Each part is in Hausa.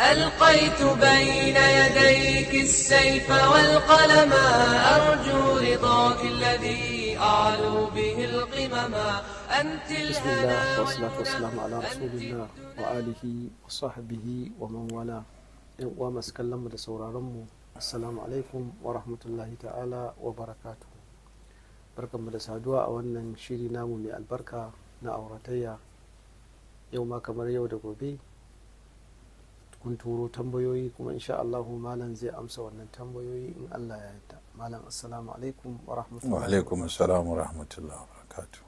ألقيت بين يديك السيف والقلم أرجو رضاك الذي أعلو به القمم أنت بسم الله والصلاة والسلام على رسول الله وآله وصحبه ومن والاه وما سكلم دسورا رمو السلام عليكم ورحمة الله تعالى وبركاته barkan mu da saduwa a wannan shiri namu mai albarka na auratayya yau kun turo tambayoyi kuma insha Allahu malam zai amsa wannan tambayoyi in Allah ya yarda malam assalamu alaikum wa rahmatullahi wa alaikum assalam wa rahmatullahi wa barakatuh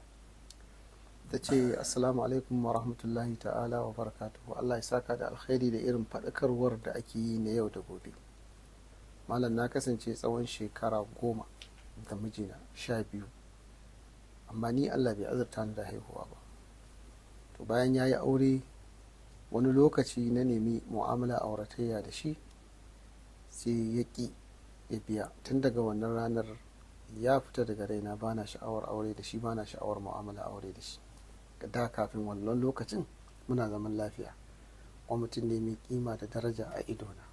ta ce assalamu alaikum wa rahmatullahi ta'ala wa barakatuh Allah ya saka da alkhairi da irin faɗakarwar da ake yi na yau da gobe malam na kasance tsawon shekara goma da mijina sha biyu amma ni Allah bai azurta ni da haihuwa ba to bayan ya yi aure wani lokaci na nemi mu'amala auratayya da shi sai ya ƙi ya biya tun daga wannan ranar ya fita daga raina bana sha'awar aure da shi bana sha'awar mu'amala aure da shi da kafin wannan lokacin muna zaman lafiya wa mutum ne mai kima da daraja a idona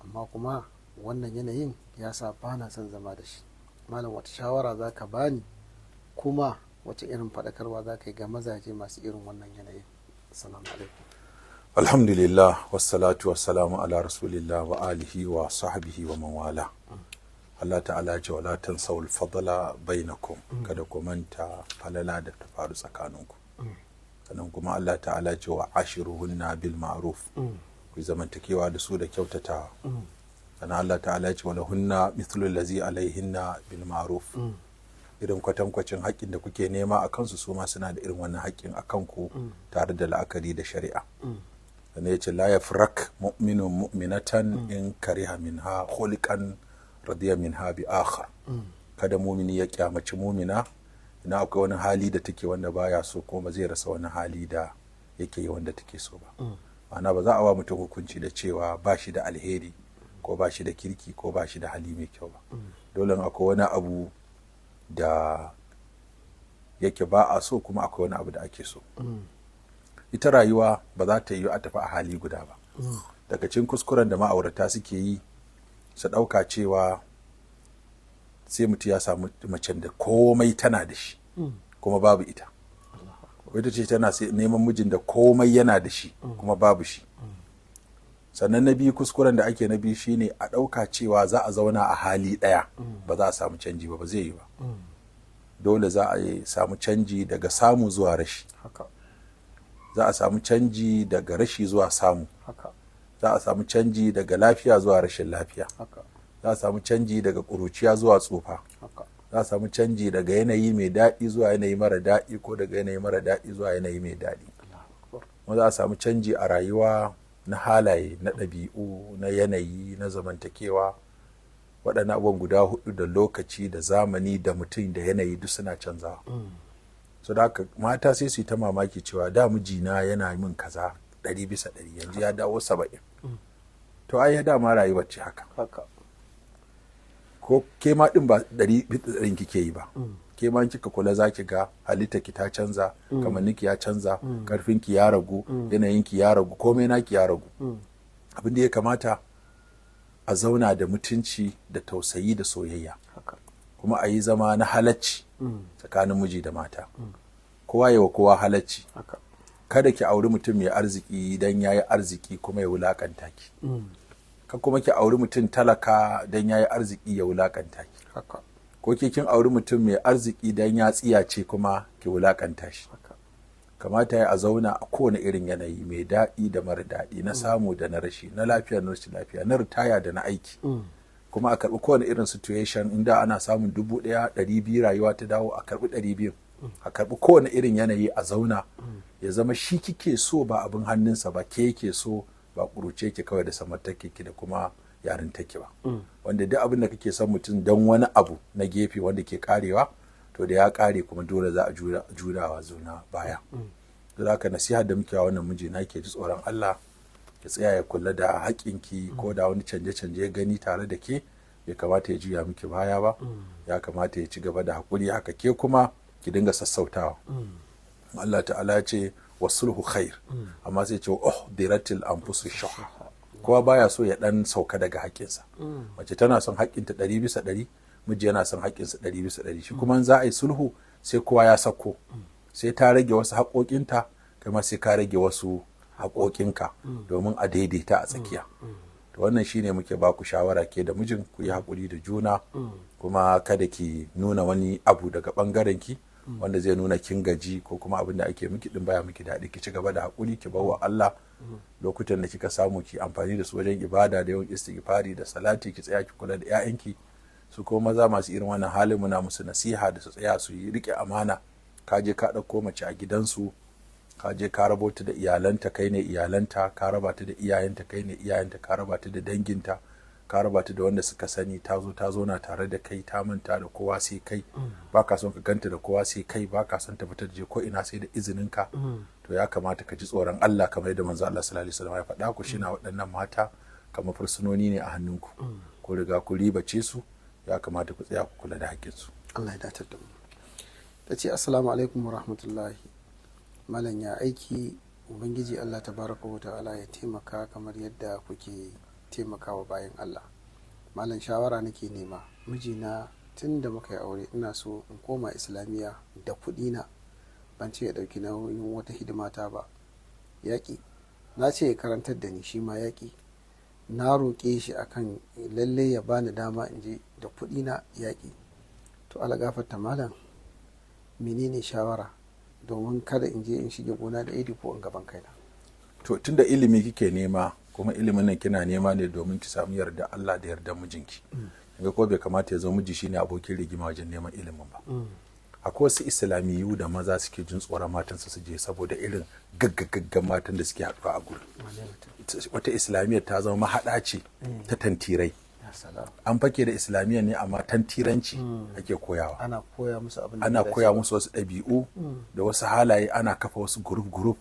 amma kuma wannan yanayin ya sa bana son zama da shi malam wata shawara za ka bani kuma wata irin faɗakarwa za ka yi ga mazaje masu irin wannan yanayin salamu alaikum alhamdulillah wassalatu wassalamu ala rasulillah wa alihi wa sahbihi wa mawala Allah ta'ala ce wa latin tansawul fadla bainakum mm. kada ku manta falala da ta faru tsakaninku mm. sannan kuma Allah ta'ala ce wa ashiruhunna bil ma'ruf mm. ku zamantakewa da su da kyautatawa sannan Allah ta'ala ce wa hunna mithlul ladzi alaihinna bil ma'ruf irin kwatankwacin haƙƙin da kuke nema a kansu su ma suna da irin wannan haƙƙin a kanku tare da la'akari da shari'a da ya ce layaf rak mu'minun mu'minatan in kariha minha khuliqan radiya minha bi akhar kada mumini ya kyamaci mumina ina akwai wani hali da take wanda baya so kuma zai rasa wani hali da yake yi wanda take so ba ma'ana ba za a wa mutum hukunci da cewa ba shi da alheri ko ba shi da kirki ko ba shi da hali mai kyau ba dole akwai wani abu da yake ba a so kuma akwai wani abu da ake so ita rayuwa ba za ta yi a tafi a hali guda ba daga cikin kuskuren da ma'aurata suke yi su ɗauka cewa sai mutum ya samu macen da komai tana da shi kuma babu ita wata ce tana neman mijin da komai yana da shi kuma babu shi sannan na biyu kuskuren da ake na biyu shine a ɗauka cewa za a zauna a hali ɗaya ba za a samu canji ba ba zai yi ba dole za a samu canji daga samu zuwa rashi za a samu canji daga rashi zuwa samu za a samu canji daga lafiya zuwa rashin lafiya za a samu canji daga ƙuruciya zuwa tsufa za a samu canji daga yanayi mai daɗi zuwa yanayi mara daɗi ko daga yanayi mara daɗi zuwa yanayi mai daɗi kuma za a samu canji a rayuwa na halaye na ɗabi'u na yanayi na zamantakewa waɗannan abubuwan guda hudu da lokaci da zamani da mutum da yanayi duk suna canzawa. Mm. so da haka mata sai su yi ta mamaki cewa da mijina yana min kaza ɗari bisa ɗari yanzu ya dawo saba'in to ai ya dama rayuwar ce haka ko ke ma ɗin ba ɗari ɗarin kike yi ba ke ma kika kula za ki ga halitta ki ta canza kamar niki ya canza karfin ki ya ragu yanayin ki ya ragu komai na ki ya ragu abin da ya kamata a zauna da mutunci da tausayi da soyayya kuma a yi zama na halacci mm. tsakanin miji da mata mm. kowa yi wa kowa halacci kada ki auri mutum ya arziki don ya yi arziki kuma ya wulakanta ki mm. ka kuma ki auri mutum talaka don ya yi arziki ya wulakanta ki ko ke kin auri mutum mai arziki don ya tsiya ce kuma ki wulakanta shi kamata ya a zauna a kowane irin yanayi mai daɗi da mara daɗi na samu da na rashi na lafiya na rashin lafiya na ritaya da na aiki kuma a karbi kowane irin situation inda ana samun dubu ɗaya ɗari biyu rayuwa ta dawo a karbi ɗari biyu a karɓi kowane irin yanayi a zauna ya zama shi kike so ba abin hannunsa ba ke yake so ba kuruce ki kawai da samartake ki da kuma yarin take ba wanda duk abin da kake son mutum don wani abu na gefe wanda ke karewa to da ya kare kuma dole za a jurawa juna baya. Zaka ka nasiha da muke wa wannan miji na ke ji tsoron Allah ya tsaya ya kula da haƙƙinki ko da wani canje-canje ya gani tare da ke bai kamata ya juya miki baya ba ya kamata ya ci gaba da haƙuri haka ke kuma ki dinga sassautawa Allah ta'ala ya ce wasulhu khair amma sai ce oh diratil anfusu shaha kowa baya so ya dan sauka daga haƙƙinsa mace tana son haƙƙinta ɗari bisa ɗari miji yana son haƙƙinsa ɗari bisa ɗari shi kuma za a yi sulhu sai kowa ya sako sai ta rage wasu haƙoƙinta kai ma sai ka rage wasu haƙoƙinka mm. domin a daidaita a tsakiya mm. Mm. to wannan shine muke ba ku shawara ke da mijin ku yi haƙuri da juna kuma kada ki nuna wani abu daga ɓangaren wanda zai nuna kin gaji ko kuma abin da ake miki ɗin baya miki daɗi ki ci gaba da haƙuri ki bawa Allah lokutan da kika samu ki amfani da su wajen ibada da yawan istighfari da salati ki tsaya ki kula da 'ya'yanki su ko maza masu irin wannan halin muna musu nasiha da su tsaya su yi rike amana ka je ka ɗauko mace a gidansu ka je ka rabo da iyalanta kai ne iyalanta ka rabata da iyayenta kai ne iyayenta ka rabata da danginta ka rabata da wanda suka sani ta zo ta na tare da kai ta manta da kowa sai kai ba ka son ka ganta da kowa sai kai ba ka son ta fita je ko ina sai da izinin ka to ya kamata ka ji tsoron Allah kamar yadda manzo Allah sallallahu alaihi wasallam ya faɗa ku shina waɗannan mata kamar fursunoni ne a hannunku ku riga ku ribace su ya kamata ku tsaya ku kula da haƙƙinsu Allah ya datar da mu ta ce assalamu alaikum wa rahmatullahi malam ya aiki ubangiji allah tabaraka wa ta'ala ya taimaka kamar yadda kuke taimakawa bayan allah malam shawara nake nema mijina tun da muka yi aure ina so in koma islamiyya da na ban ce ya ɗauki nauyin wata hidimata ba yaƙi na ce ya karantar da ni shi ma yaƙi na roƙe shi akan lalle ya bani dama in je da kuɗi na yaƙi to algafarta malam menene shawara domin kada in je in shige gona da iri ko in gaban kaina to tunda ilimi kike nema kuma ilimin nan kina nema ne domin ki samu yarda Allah da yarda mijinki mm. ga ko bai kamata ya zo miji shine abokin rigima wajen neman ilimin ba mm. akwai wasu islamiyu da maza suke jin tsoron matansu su je saboda irin gaggagaggan matan da suke haɗuwa a gurin wata islamiyar ta zama mahaɗa eh. ta tantirai an fake da islamiyya ne amma tantiranci ake koyawa ana koya musu wasu ɗabi'u da wasu halaye ana kafa wasu gurup guruf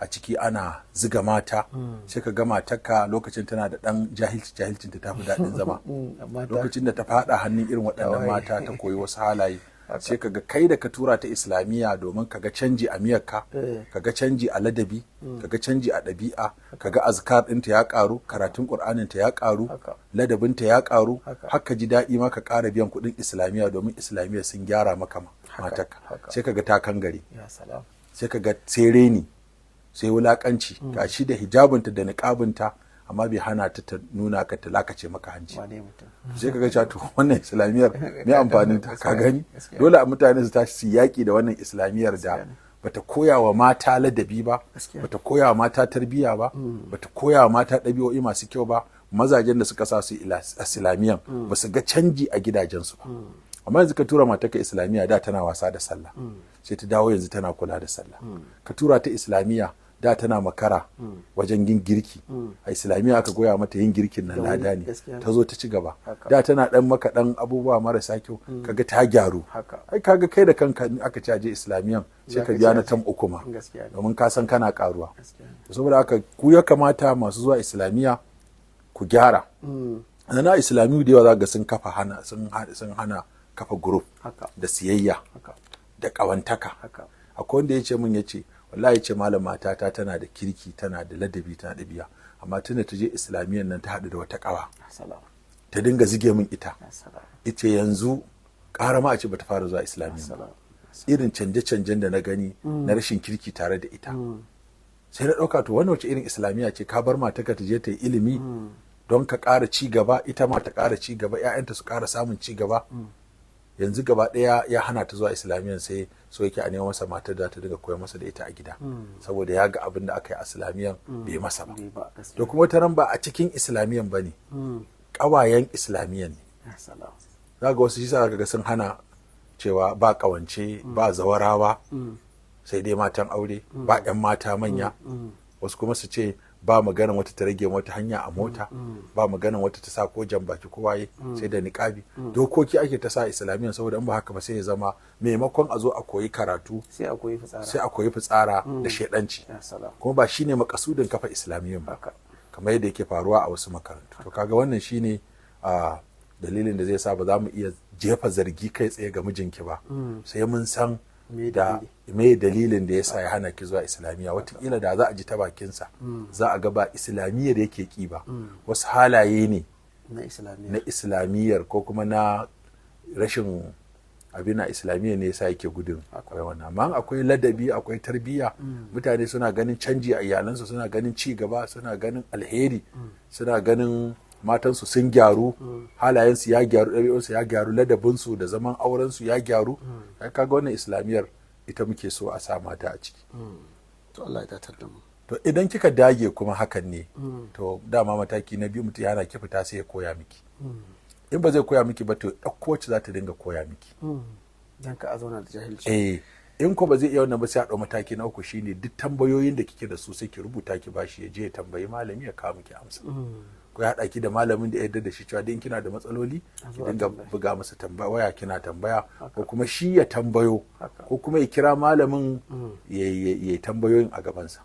a ciki ana ziga mata sai ka ga matarka lokacin tana da ɗan jahilci jahilcin ta fi daɗin zama mm, lokacin da ta faɗa hannun irin waɗannan mata ta koyi wasu halaye sai ka ga kai da ka tura ta islamiyya domin ka ga canji a miyarka eh. ka ga canji a ladabi mm. ka ga canji a ɗabi'a ka ga azkar ɗinta ya ƙaru karatun ƙur'anin ta ya ƙaru ladabin ta ya ƙaru haka ji daɗi ma ka ƙara biyan kuɗin islamiyya domin islamiyya sun gyara maka mataka sai ka ga takan gari sai ka ga sai reni sai wulaƙanci mm. shi da hijabinta da niƙabinta amma bai hana ta ta nuna ka ta lakace maka hanci sai ka ga to wannan islamiyar mai amfanin ta ka gani dole a mutane su tashi su yaki da wannan islamiyar da bata koya wa mata ladabi ba bata koya wa mata tarbiyya ba mm. bata koya wa mata ɗabi'o'i masu kyau ba mazajen da suka sa su islamiyan mm. ba su ga canji a gidajensu ba mm. amma yanzu ka tura mata ka islamiyya da tana wasa da sallah sai ta dawo yanzu tana kula da sallah ka tura ta islamiyya da tana makara wajen yin girki a islamiyya aka goya mata yin girkin na lada ne ta zo ta ci gaba da tana dan maka dan abubuwa marasa kyau mm. kaga ta gyaru ai kaga kai da kanka in aka caje islamiyyan sai ka biya na tam uku domin ka san kana karuwa saboda aka, ku ya kamata masu zuwa islamiyya ku gyara mm. na islamiyu da yawa za ga sun kafa hana sun hana kafa group da siyayya da kawantaka akwai wanda yace ce min ya ce wallahi ce malam matata tana da kirki tana da ladabi tana da biya amma tunda ta je islamiyyar nan ta haɗu da wata kawa. ta dinga zige min ita ita yanzu ƙara ma a ce bata fara zuwa islamiyyar irin canje-canjen da na gani mm. na rashin kirki tare da ita mm. sai na ɗauka to wani wace irin islamiyya ce ka bar mata ka je ta yi ilimi mm. don ka ƙara ci gaba ita ma ta ƙara ci gaba 'ya'yanta su ƙara samun ci gaba yanzu gaba ɗaya ya hana ta zuwa islamiyyar sai so yake a neman masa matar da ta daga koyar masa da ita a gida hmm. saboda ya ga abin da aka yi a islamiyyar hmm. bai masa ba da kuma ta ba a cikin islamiyyar ba ne hmm. ƙawayen islamiyyar ne za ga wasu shi sa ga sun hana cewa ba ƙawance ba zawarawa sai dai matan aure ba 'yan mata manya wasu kuma su ce ba maganan wata ta rage wata hanya a mota ba maganan wata ta sa ko jan baki ko waye sai da niqabi dokoki ake ta sa islamiyan saboda in ba haka ba sai ya zama maimakon a zo a koyi karatu sai a koyi fitsara sai a koyi fitsara da mm. shedanci kuma ba shine makasudin kafa islamiyan ba kamar yadda yake faruwa a wasu makarantu to kaga wannan shine a dalilin da zai sa ba za mu iya jefa zargi kai tsaye ga mijinki ba mm. sai mun san Mai me dalilin da ya sa ya hana ki zuwa islamiyya watakila da za a ji ta bakinsa za a ga ba islamiyyar yake ki ba wasu halaye ne na islamiyyar ko kuma na rashin abin na islamiyyar ne ya sa yake gudun akwai wannan amma akwai ladabi akwai tarbiyya mutane suna ganin canji a iyalansu suna ganin ci gaba suna ganin alheri suna ganin matansu sun gyaru mm. halayensu ya gyaru ɗabi'unsu ya gyaru ladabinsu da zaman aurensu ya gyaru mm. kaga wannan islamiyar ita muke so a sa mata a ciki mm. to Allah ya da mu to idan kika dage kuma hakan ne to dama mataki na biyu mutum yana ki fita sai ya koya miki in ba zai koya miki ba to ɗauko wacce za ta dinga koya miki dan ka a zauna da jahilci eh in ko ba zai iya wannan ba sai a mataki na uku shine duk tambayoyin da kike da su sai ki rubuta ki bashi ya je ya tambayi malami ya kawo miki amsa ku haɗa ki da malamin da ya yarda da shi cewa in kina da matsaloli ki dinga buga masa tambaya waya kina tambaya ko kuma shi ya tambayo ko kuma ya kira malamin mm. ya tambayoyin a gabansa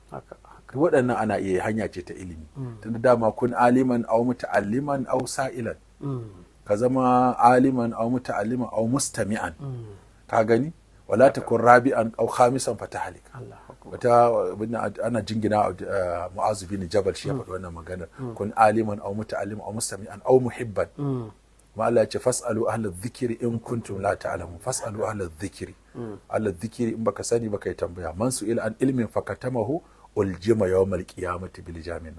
waɗannan ana iya hanya ce ta ilimi mm. da dama kun aliman aw muta'alliman aw sa'ilan mm. ka zama aliman aw muta'alliman aw mustami'an ka gani wala takun rabi'an aw khamisan fatahalik Allah wata ana jingina eh, mu'azu bin jabal shi ya faɗi wannan maganar mm. kun aliman aw muta'allim aw mustami'an aw muhibban mm. ma Allah ya ce fas'alu ahla dhikri in kuntum la ta'lamun fas'alu ahla dhikri mm. ahla dhikri in baka sani baka yi tambaya man su'ila an ilmin fakatamahu uljima yawmal qiyamati bil jamin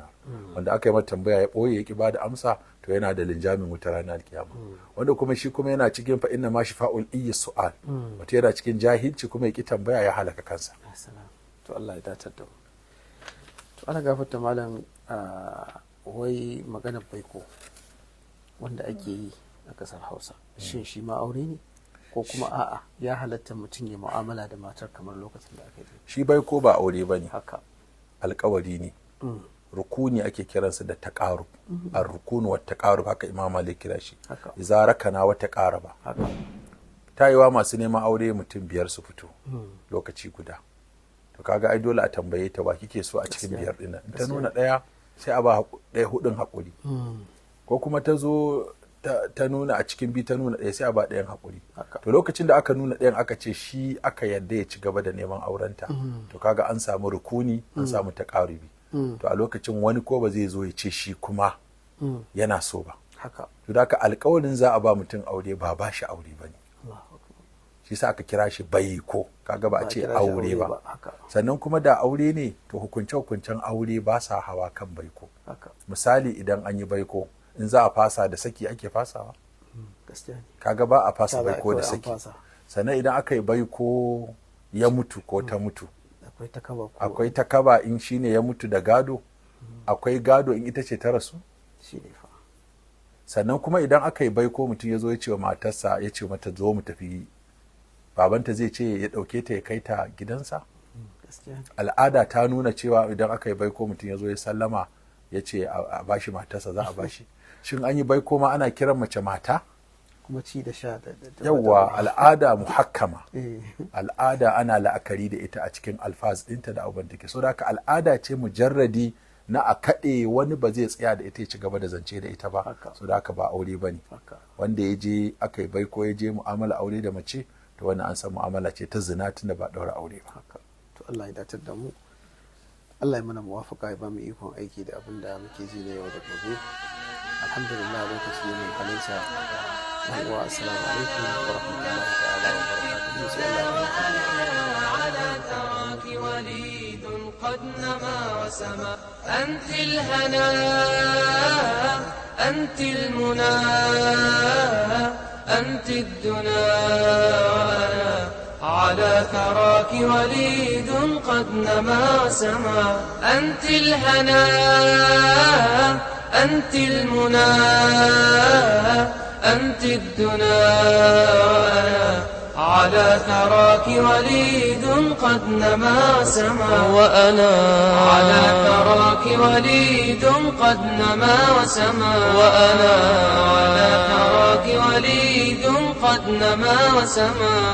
wanda aka yi mata tambaya ya boye yaki bada amsa to yana da linjamin wutar ranar kiyama wanda kuma shi kuma yana cikin fa inna ma shifa'ul iyyi su'al wato yana cikin jahilci kuma ya yaki tambaya ya halaka kansa to Allah ya dace da mu to ana gafarta malam wai magana baiko wanda ake yi a kasar Hausa shin shi ma aure ne ko kuma a'a ya halatta mutum ya mu'amala da matar kamar lokacin da aka yi shi baiko ba aure ba ne haka alkawari ne mm. rukuni ake kiransa da taqarub mm-hmm. ar rukunu wa taqarub haka imam malik kira shi idza rakana ba taqaraba haka masu neman aure mutum biyar su fito mm. lokaci guda to kaga ai dole a tambaye ta ba kike so a cikin biyar dinnan ta nuna daya sai a ba daya hudun hakuri hmm. ko kuma ta zo ta nuna a cikin bi ta nuna ɗaya sai a ba ɗayan hakuri to lokacin da aka nuna ɗayan aka ce shi aka yadda ya ci gaba da neman aurenta hmm. to kaga an samu rukuni an hmm. samu taƙarubi to a lokacin wani ko ba zai zo ya ce shi kuma yana so ba to da ka alƙawarin za a ba mutum aure ba ba shi aure ba ne shi sa aka kira shi baiko kaga ba a ce aure ba sannan kuma da aure ne to hukunce-hukuncen aure ba sa hawa kan baiko misali idan an yi baiko in za a fasa da saki ake fasawa hmm, kaga ba a fasa baiko da saki sannan idan aka yi baiko ya mutu ko ta mutu akwai ta kaba in ne ya mutu da gado hmm. akwai gado in ita ce ta rasu sannan kuma idan aka yi baiko mutum ya zo ya ce wa matarsa ya ce mata zo mu tafi babanta zai ce ya ɗauke ta ya kai ta gidansa al'ada ta nuna cewa idan aka yi baiko mutum ya zo ya sallama ya ce a bashi matarsa za a bashi shin an yi baiko ma ana kiran mace mata kuma ci da sha yawwa al'ada muhakkama eh. al'ada ana la'akari da ita a cikin alfaz ɗinta da abin ke. so haka al'ada ce mujarradi na a kaɗe wani ba zai tsaya da ita ya ci gaba da zance da ita ba so haka ba aure ba ne wanda ya je aka yi baiko ya je mu'amala aure da mace to wannan an san mu'amala ce ta zina tunda ba daura aure ba to Allah ya datar da mu Allah ya mana muwafaka ya ba mu ikon aiki da abin da muke ji na yau da gobe alhamdulillah lokaci ne mai halinsa yawwa assalamu alaikum wa rahmatullahi wa barakatuhu sai أنت الهنا أنت المنى أنت الدنا وأنا على ثراك وليد قد نما سما أنت الهنا أنت المنا أنت الدنا وأنا على ثراك وليد قد نما سما وأنا على ثراك وليد قد نما سما وأنا على ثراك وليد قد نما سما